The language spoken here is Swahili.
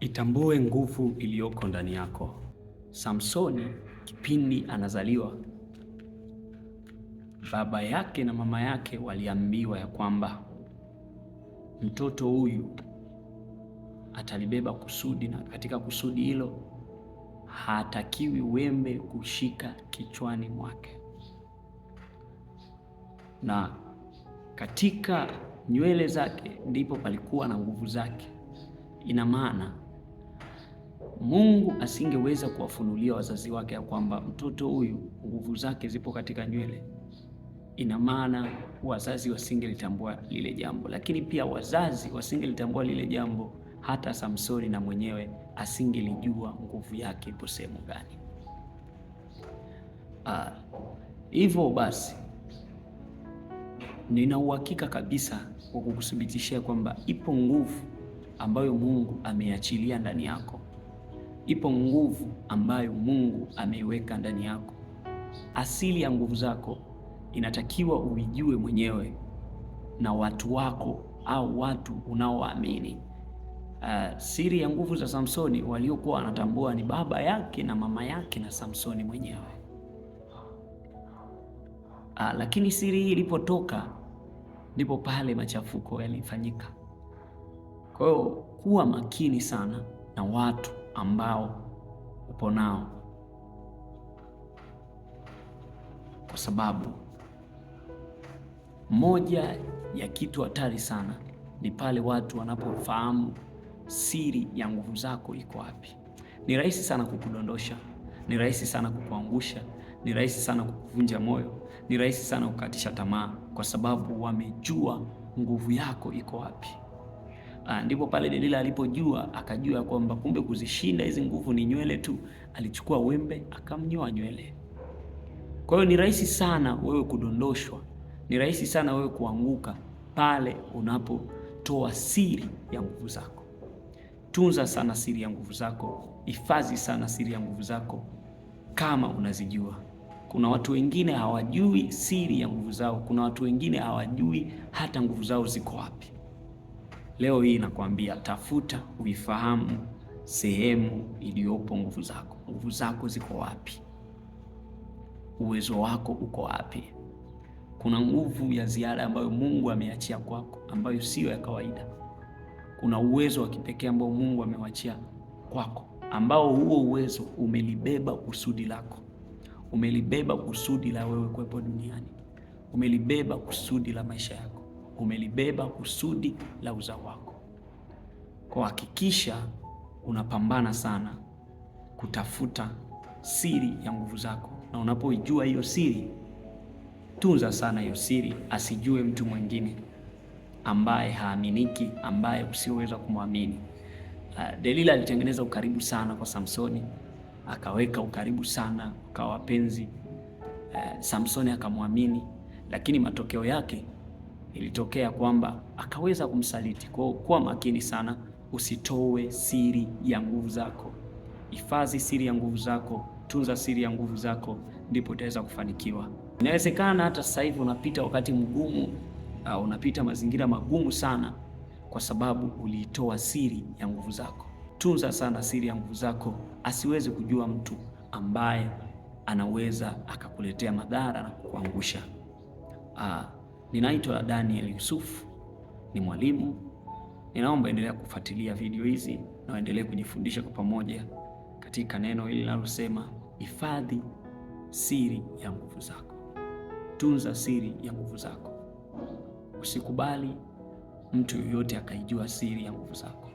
Itambue nguvu iliyoko ndani yako. Samsoni kipindi anazaliwa, baba yake na mama yake waliambiwa ya kwamba mtoto huyu atalibeba kusudi, na katika kusudi hilo hatakiwi wembe kushika kichwani mwake, na katika nywele zake ndipo palikuwa na nguvu zake. Ina maana Mungu asingeweza kuwafunulia wazazi wake ya kwamba mtoto huyu nguvu zake zipo katika nywele. Ina maana wazazi wasingelitambua lile jambo, lakini pia wazazi wasingelitambua lile jambo, hata Samsoni na mwenyewe asingelijua nguvu yake ipo sehemu gani. Ah, hivyo basi nina uhakika kabisa wa kukuthibitishia kwamba ipo nguvu ambayo Mungu ameachilia ndani yako Ipo nguvu ambayo Mungu ameiweka ndani yako. Asili ya nguvu zako inatakiwa uijue mwenyewe na watu wako au watu unaowaamini. Uh, siri ya nguvu za Samsoni waliokuwa wanatambua ni baba yake na mama yake na Samsoni mwenyewe. Uh, lakini siri hii ilipotoka ndipo pale machafuko yalifanyika. Kwa hiyo kuwa makini sana na watu ambao upo nao, kwa sababu moja ya kitu hatari sana ni pale watu wanapofahamu siri ya nguvu zako iko wapi. Ni rahisi sana kukudondosha, ni rahisi sana kukuangusha, ni rahisi sana kukuvunja moyo, ni rahisi sana kukatisha tamaa, kwa sababu wamejua nguvu yako iko wapi. Ah, ndipo pale Delila alipojua akajua kwamba kumbe kuzishinda hizi nguvu ni nywele tu. Alichukua wembe akamnyoa nywele. Kwa hiyo ni rahisi sana wewe kudondoshwa, ni rahisi sana wewe kuanguka pale unapotoa siri ya nguvu zako. Tunza sana siri ya nguvu zako, hifadhi sana siri ya nguvu zako kama unazijua. Kuna watu wengine hawajui siri ya nguvu zao, kuna watu wengine hawajui hata nguvu zao ziko wapi. Leo hii nakwambia, tafuta uifahamu sehemu iliyopo nguvu zako. Nguvu zako ziko wapi? Uwezo wako uko wapi? Kuna nguvu ya ziada ambayo Mungu ameachia kwako, ambayo siyo ya kawaida. Kuna uwezo wa kipekee ambao Mungu amewachia kwako, ambao huo uwezo umelibeba kusudi lako, umelibeba kusudi la wewe kuwepo duniani, umelibeba kusudi la maisha yako umelibeba kusudi la uzao wako. Kwa hakikisha unapambana sana kutafuta siri ya nguvu zako, na unapoijua hiyo siri, tunza sana hiyo siri, asijue mtu mwingine ambaye haaminiki, ambaye usioweza kumwamini. Ah, Delila alitengeneza ukaribu sana kwa Samsoni, akaweka ukaribu sana kwa wapenzi. Eh, Samsoni akamwamini, lakini matokeo yake ilitokea kwamba akaweza kumsaliti. Kwa kuwa makini sana, usitoe siri ya nguvu zako. Hifadhi siri ya nguvu zako, tunza siri ya nguvu zako, ndipo utaweza kufanikiwa. Inawezekana hata sasa hivi unapita wakati mgumu, uh, unapita mazingira magumu sana, kwa sababu uliitoa siri ya nguvu zako. Tunza sana siri ya nguvu zako, asiweze kujua mtu ambaye anaweza akakuletea madhara na kukuangusha. Uh, Ninaitwa Daniel yusuf ni mwalimu. Ninaomba endelea kufuatilia video hizi na waendelee kujifundisha kwa pamoja katika neno hili linalosema hifadhi siri ya nguvu zako. Tunza siri ya nguvu zako, usikubali mtu yoyote akaijua siri ya nguvu zako.